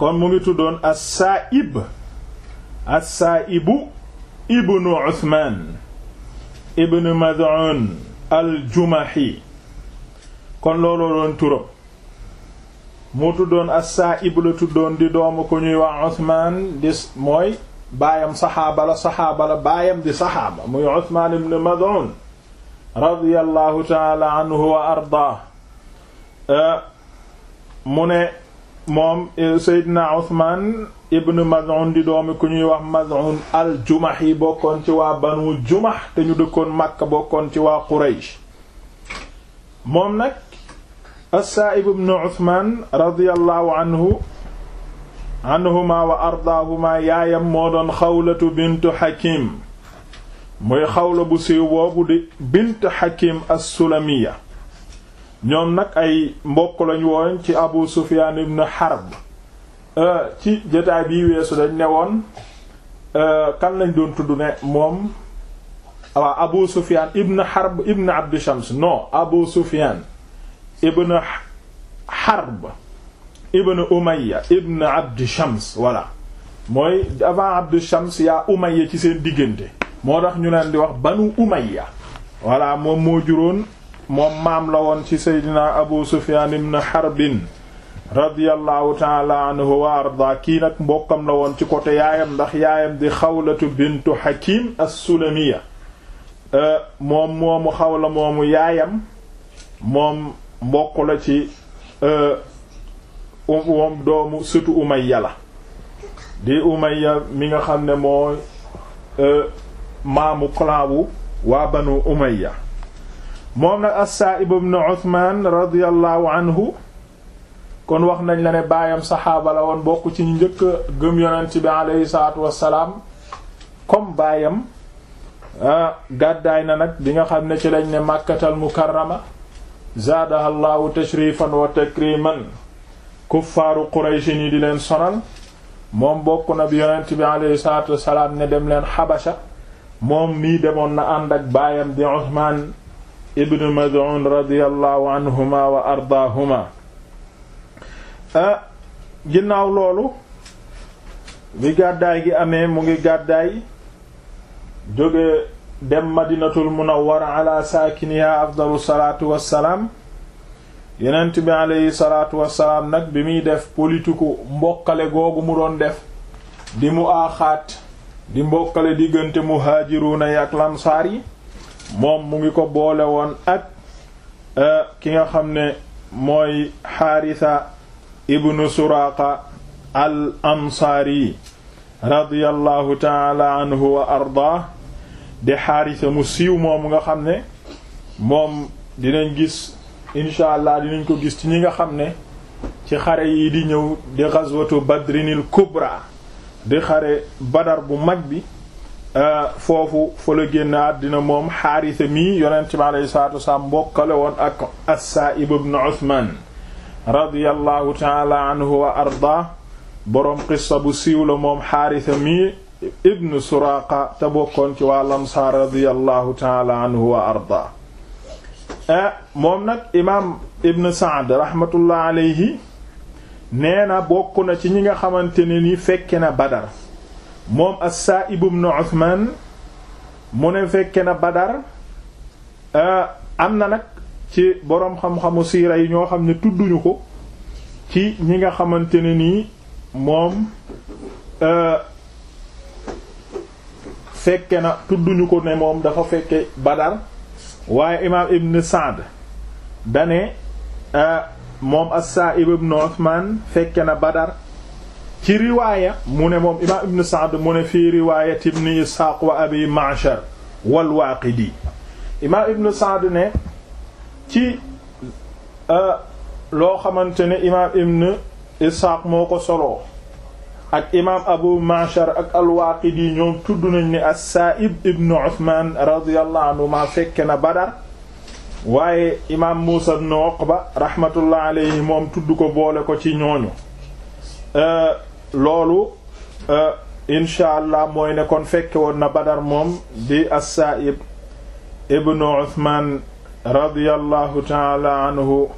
kon mu ngi tuddoon as-Sa'ib as-Sa'ibu ibnu Uthman ibnu Mad'un al-Jumahi kon looloo doon turam mu tuddoon as-Sa'ib la tuddoon di doomu ko ñuy wax Uthman mooy baayam saxaaba la saxaaba la baayam di saxaaba muy Uthman ibnu Mad'un radiyallahu ta'ala anhu wa ardaa eh, mu moom eh, Seydina Usmaan ibn Maz'un di doomi ku ñuy wax Maz'un al-Jumahi yi bokkoon ci waa Banu Jumah te ñu dëkkoon Makka bokkoon ci waa Quraysh moom nag as-Sa'ib ibn Usmaan radiyallahu anhu ardaahuma yaayam moo doon Xawlatu bintu Hakim muy Xawla bu siiw boobu di bint Hakim as-Sulamiya ñoom nag ay mbokk lañu woon ci Abu Sufyan ibn Harb euh, ci jotaay bi weesu dañ ne woon euh, kan lañ doon tudd ne moom waaw Abu Sufyan ibn Harb ibn Abd Shams Abu Sufyan ibn Harb ibn Umayya ibn Abd Shams voilà mooy avant Abd Shams yaa Umayya ci seen diggante moo tax ñu leen di wax Banu Umayya voilà moom moo juróon moom maam la woon ci seydina abu sufyaan ibn harbin radiyallahu taala anhu wa arda kii nag mbokkam la woon ci côté yaayam ndax yaayam di xawlatu bintu hakim as-sulamiya euh, moom moomu xawla moomu yaayam moom mbokk la ci euh, um, moom doomu sëtu umayya la di umayya mi nga xam ne mooy euh, maamu clan wu banu umayya moom nag as-Sa'ib Uthman radiyallahu anhu kon wax nañ la ne baayam saxaaba la woon bokk ci ñu njëkk gëm yonent bi aleyhi salaatu wassalaam comme baayam ah, gàddaay na nag bi nga xam ne ci lañ ne màkkatal mukarrama zaadaha llaahu tashrifan wa takriman kuffaaru qurayshin yi di leen sonal moom bokk na bi yonent bi aleyhi salaatu wassalaam ne dem leen xabasha moom mii demoon na ànd ak baayam di Uthman ibn Mad'un radiyallahu anhuma wa ardaahuma ah, ginnaaw loolu bi gàddaay gi amee mu ngi gàddaay jóge dem madinatul munawwara ala saakiniha afdalu salaatu salaam yenent bi aleyhi salaatu wassalaam nag bi muy def politiku mbokkale googu mu doon def di mu aaxaat di mbokkale diggante muhaajiruuna yi ak lansaar yi moom mu ngi ko boole woon ak euh, ki nga xam ne mooy xaarisa ibnu suraaqa al ansaari radiyallahu taala anhu wa ardaa di xaarisa mu siiw moom nga xam ne moom dinañ gis incha allah dinañ ko gis ci ñi nga xam ne ci xare yi di ñëw di gazwatu badrinil kubra di xare badar bu mag bi Euh, foofu fa la génn àddina moom xaarisa mii yonent bi alayhi salaatu wasalaam ak as-Saa'ib ibn Usmaan radiyallahu taala anhu wa arda boroom qissa bu siiw moom xaarisa mii ibn Suraaqa te bokkoon ci waa Ansaar radiyallahu taala anhu wa arda euh, moom nag imaam ibn Sa'd rahmatullah alayhi nee na bokk na ci ñi nga xamante ne ni fekke na Badar moom as-Sa'ib ibn Uthman mu ne fekke na Badar am na nag ci boroom xam-xamu siira yi ñoo xam ne tudduñu ko ci ñi nga xamante ne nii moom fekke na tudduñu ko ne moom dafa fekke Badar waaye imaam Ibn Sa'd dane moom as-Sa'ib ibn Uthman fekke na Badar ci riwaaya mu ne moom imaam ibn Sa'd mu ne fii riwaayati ibn Isxaaq wa abi Ma'shar wal Waaqidi imaam ibn Sa'd ne ci euh, loo xamante ne imaam ibn Isxaaq moo ko solo ak imaam Abu Ma'shar ak al-Waaqidi ñoom tudd nañ ne as-Saa'ib ibn Usmaan radiyallahu anhu maa fekke na Badar waaye imaam Muusaa ibn Uqba rahmatullahi alayhi moom tudd ko boole ko ci ñooñu euh, loolu euh, incha allah mooy nekkoon kon fekke woon na Badar moom di as-Sa'ib ibnu Uthman radiyallahu taala anhu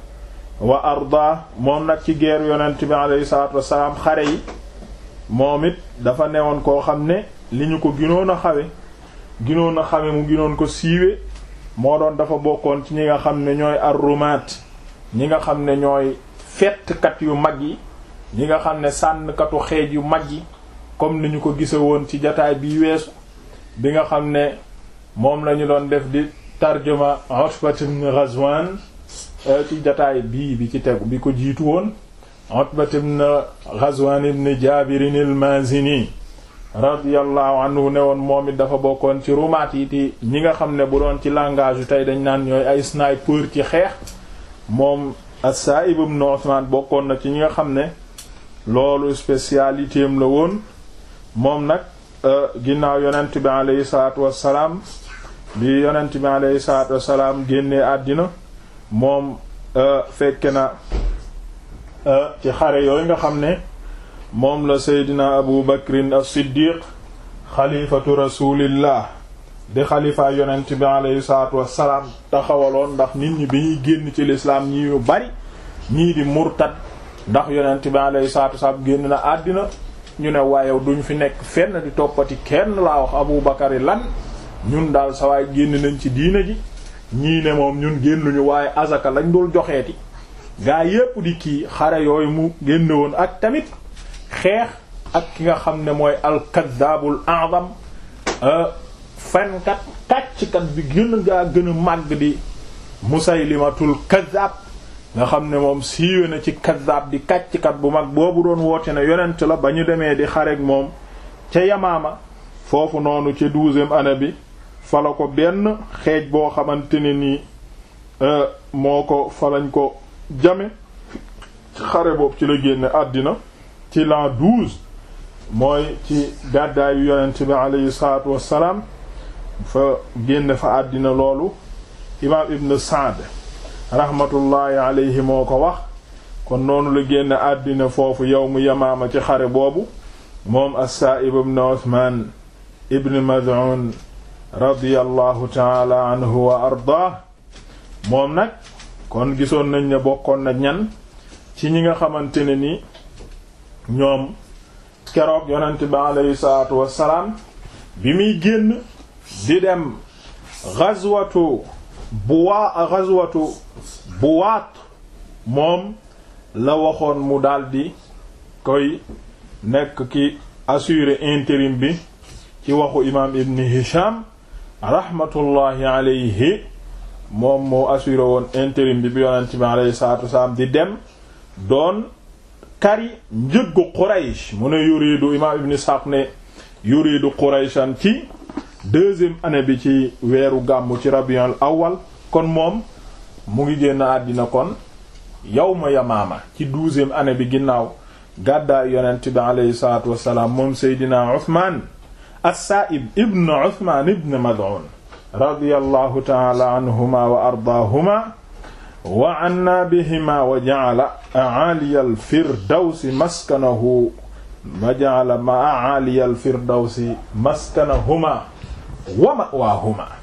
wa arda moom nag ci guerre yonent bi alayhi salaatu wasalaam xare yi moom it dafa newoon koo xam ne li ñu ko ginoon a xawe ginoon a xame mu ginoon ko siiwe moo doon dafa bokkoon ci ñi nga xam ne ñooy arrumaat ñi nga xam ne ñooy fettkat yu mag yi ñi nga xam ne sànnkatu xeej yu mag yi comme ni ñu ko gise woon ci jataay bi weesu bi nga xam ne moom lañu doon def di tarjuma Utbat euh, ci jataay bii bi ci tegu bi ko jiitu woon Utbat ibn Ghazwan ibn Jaabir al-Maazini radiyallahu anhu ne woon moom it dafa bokkoon ci rumaat yi ñi nga xam ne bu doon ci langage yu tey dañ naan ñooy ay sniper ci xeex moom as-Sa'ib ibn Usman bokkoon na ci ñi nga xam ne loolu spécialité am la woon moom nag euh, ginnaaw yonent bi aleyhi salaatu wassalaam bi yonent bi aleyhi salaatu wassalaam génnee àddina moom euh, fekke na euh, ci xare yooyu nga xam ne moom la seydina abu bakrin as-siddiq xalifatu rasulillah di xalifaa yonent bi aleyhi salaatu wassalaam taxawaloon ndax nit ñi bi ñuy génn ci lislaam ñi yu bari ñii di murtad ndax yonent bi alayhi salaatu wasalaam génn na àddina ñu ne waaye duñ fi nekk fenn di toppati kenn laa wax Abu Bakar lan ñun daal sawaay génn nañ ci diine ji ñii ne moom ñun génnuñu waaye azaka lañ dul joxeeti gaa yépp di kii xare yooyu mu génne woon ak tamit xeex ak ki nga xam ne mooy alkadabul a'zam euh, fenkat kàcckat bi gën a gaa gën a màgg di musaylimatul kadab nga xam ne moom siiwe na ci kaddaab di kàcckat bu mag boobu doon woote na yonent la ba ñu demee di xareek moom ca yamaama foofu noonu ca douzième année bi fala ko benn xeej boo xamante ne nii euh, moo ko falañ ko jame xare boobu ci la génne àddina ci l'an douze mooy ci gàddaayu yonent bi aleyhi salaatu wassalaam fa génne fa àddina loolu imaam ibn Sa'd rahmatullahi alayhi moo ko wax kon noonu la génn àddina foofu yawmu yamaama ci xare boobu moom as-Sa'ib ibn Usmaan ibn Maz'un radiyallahu taala anhu wa ardaa moom nag kon gisoon nañ ne bokkoon na ñan ci ñi nga xamante ni ñoom keroog yonent bi aleyhi bi muy génn di dem ghazwatu buwaa ghazwatu buwaat moom la waxoon mu daldi koy nekk ki assurer intérim bi ci waxu imaam Ibn Hisham rahmatullahi alayhi moom moo assuré woon intérim bi bi yonent bi alayhi salaatu wasalaam di dem doon kari njëggu Quraysh mu ne yuridu imaam Ibn Sa'd ne yuridu Qurayshan ci deuxième année bi ci weeru gàmmu ci rabiul awal kon moom mu ngi génn àddina kon yawma yamaama ci douzième année bi ginnaaw gàddaay yonent bi aleyhi moom seydina uthman as-sa'ib ibn uthman ibn mad'un radiyallahu ta'ala anhuma wa ardaahuma wa anna bihima wa ja'ala a'ali al-firdawsi maskanahu wa ja'ala ma'a a'ali al-firdawsi maskanahuma wa ma'waahuma